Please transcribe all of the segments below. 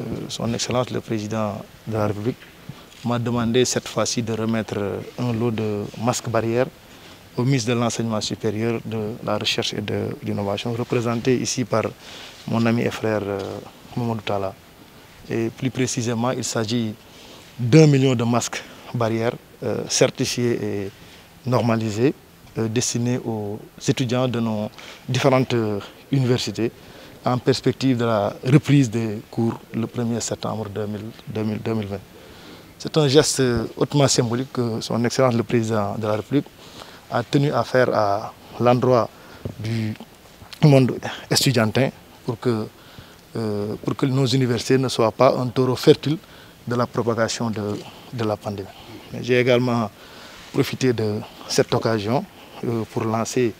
Euh, son Excellence le Président de la République m'a demandé cette fois-ci de remettre un lot de masques barrières au ministre de l'Enseignement supérieur, de la Recherche et de l'Innovation, représenté ici par mon ami et frère euh, Mamadou Tala. Et plus précisément, il s'agit d'un million de masques barrières euh, certifiés et normalisés euh, destinés aux étudiants de nos différentes euh, universités en perspective de la reprise des cours le 1er septembre 2020. C'est un geste euh, hautement symbolique que son Excellence le Président de la République a tenu à faire à l'endroit du monde estudiantin pour que, pour que nos universités ne soient pas un taureau fertile de la propagation de, de la pandémie. J'ai également profité de cette occasion euh, pour lancer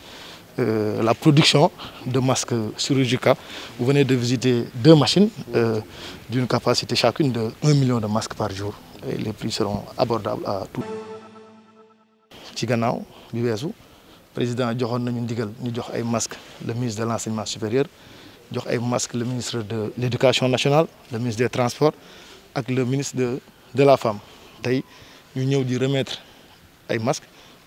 euh, la production de masques chirurgicaux. Vous venez de visiter deux machines euh, d'une capacité chacune de 1 million de masques par jour. Et les prix seront abordables à tous. ci gannaaw président joxoon nañu ndigal le ministre de l'Enseignement supérieur jox le ministre de l'Éducation nationale le ministre des transports avec le ministre de la femme Nous ñu du remettre les masques.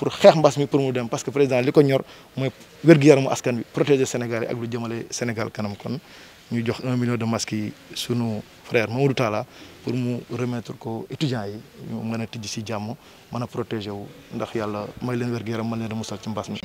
pour xeex mbas mi pour mu dem parce que président li ko ñor mooy wér-gu-yaramu askan bi protéger Sénégal yi ak lu jëmale Sénégal kanam kon ñu jox un million de mask yi sunu frère Mamadou Talla pour mu remettre ko étudiants yi ñu mën a tijji si jàmm mën a protéger wu ndax yàlla may leen wér-gu-yaram mën leen a musal ci mbas mi.